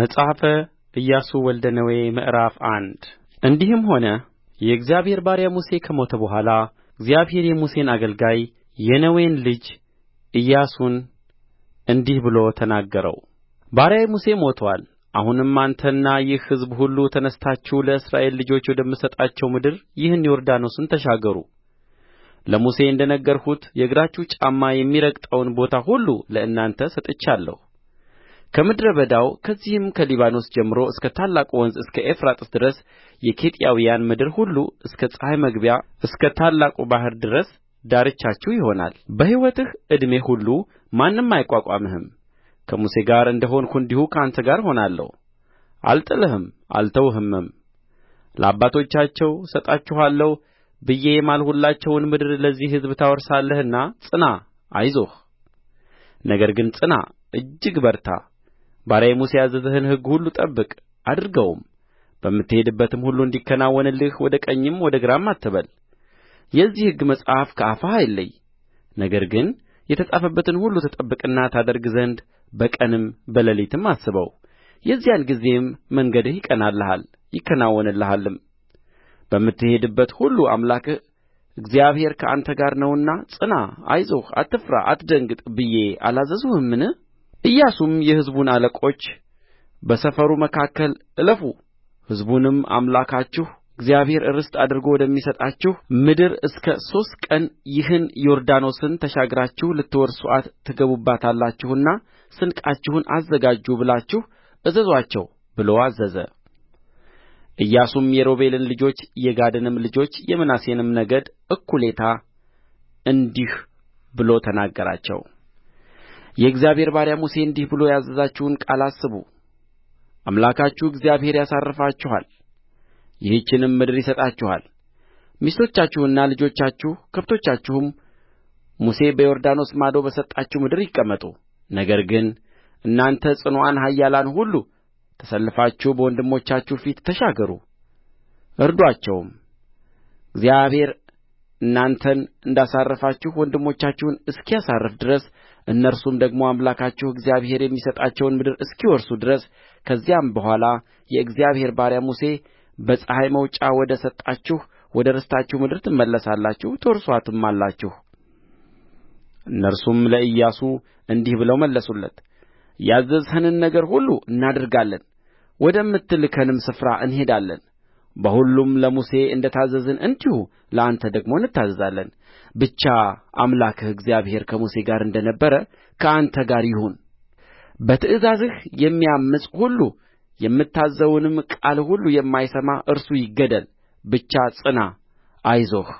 መጽሐፈ ኢያሱ ወልደ ነዌ ምዕራፍ አንድ እንዲህም ሆነ የእግዚአብሔር ባሪያ ሙሴ ከሞተ በኋላ እግዚአብሔር የሙሴን አገልጋይ የነዌን ልጅ ኢያሱን እንዲህ ብሎ ተናገረው። ባሪያዬ ሙሴ ሞቶአል። አሁንም አንተና ይህ ሕዝብ ሁሉ ተነሥታችሁ ለእስራኤል ልጆች ወደምሰጣቸው ምድር ይህን ዮርዳኖስን ተሻገሩ። ለሙሴ እንደ ነገርሁት የእግራችሁ ጫማ የሚረግጠውን ቦታ ሁሉ ለእናንተ ሰጥቻለሁ ከምድረ በዳው ከዚህም ከሊባኖስ ጀምሮ እስከ ታላቁ ወንዝ እስከ ኤፍራጥስ ድረስ የኬጢያውያን ምድር ሁሉ እስከ ፀሐይ መግቢያ እስከ ታላቁ ባሕር ድረስ ዳርቻችሁ ይሆናል በሕይወትህ ዕድሜ ሁሉ ማንም አይቋቋምህም ከሙሴ ጋር እንደ ሆንሁ እንዲሁ ከአንተ ጋር እሆናለሁ አልጥልህም አልተውህምም ለአባቶቻቸው እሰጣችኋለሁ ብዬ የማልሁላቸውን ምድር ለዚህ ሕዝብ ታወርሳለህና ጽና አይዞህ ነገር ግን ጽና እጅግ በርታ ባሪያዬ ሙሴ ያዘዘህን ሕግ ሁሉ ጠብቅ አድርገውም በምትሄድበትም ሁሉ እንዲከናወንልህ ወደ ቀኝም ወደ ግራም አትበል የዚህ ሕግ መጽሐፍ ከአፍህ አይለይ ነገር ግን የተጻፈበትን ሁሉ ትጠብቅና ታደርግ ዘንድ በቀንም በሌሊትም አስበው የዚያን ጊዜም መንገድህ ይቀናልሃል ይከናወንልሃልም በምትሄድበት ሁሉ አምላክህ እግዚአብሔር ከአንተ ጋር ነውና ጽና አይዞህ አትፍራ አትደንግጥ ብዬ አላዘዝሁህምን ኢያሱም የሕዝቡን አለቆች በሰፈሩ መካከል እለፉ ሕዝቡንም አምላካችሁ እግዚአብሔር ርስት አድርጎ ወደሚሰጣችሁ ምድር እስከ ሦስት ቀን ይህን ዮርዳኖስን ተሻግራችሁ ልትወርሱአት ትገቡባታላችሁና ስንቃችሁን አዘጋጁ ብላችሁ እዘዙአቸው ብሎ አዘዘ። ኢያሱም የሮቤልን ልጆች የጋድንም ልጆች የምናሴንም ነገድ እኩሌታ እንዲህ ብሎ ተናገራቸው የእግዚአብሔር ባሪያ ሙሴ እንዲህ ብሎ ያዘዛችሁን ቃል አስቡ አምላካችሁ እግዚአብሔር ያሳርፋችኋል ይህችንም ምድር ይሰጣችኋል ሚስቶቻችሁና ልጆቻችሁ ከብቶቻችሁም ሙሴ በዮርዳኖስ ማዶ በሰጣችሁ ምድር ይቀመጡ ነገር ግን እናንተ ጽኑዓን ኃያላን ሁሉ ተሰልፋችሁ በወንድሞቻችሁ ፊት ተሻገሩ እርዱአቸውም እግዚአብሔር እናንተን እንዳሳረፋችሁ ወንድሞቻችሁን እስኪያሳርፍ ድረስ እነርሱም ደግሞ አምላካችሁ እግዚአብሔር የሚሰጣቸውን ምድር እስኪወርሱ ድረስ ከዚያም በኋላ የእግዚአብሔር ባሪያ ሙሴ በፀሐይ መውጫ ወደ ሰጣችሁ ወደ ርስታችሁ ምድር ትመለሳላችሁ ትወርሱአትማላችሁ። እነርሱም ለኢያሱ እንዲህ ብለው መለሱለት፣ ያዘዝኸንን ነገር ሁሉ እናደርጋለን ወደምትልከንም ስፍራ እንሄዳለን በሁሉም ለሙሴ እንደ ታዘዝን እንዲሁ ለአንተ ደግሞ እንታዘዛለን ብቻ አምላክህ እግዚአብሔር ከሙሴ ጋር እንደ ነበረ ከአንተ ጋር ይሁን በትእዛዝህ የሚያምፅ ሁሉ የምታዝዘውንም ቃል ሁሉ የማይሰማ እርሱ ይገደል ብቻ ጽና አይዞህ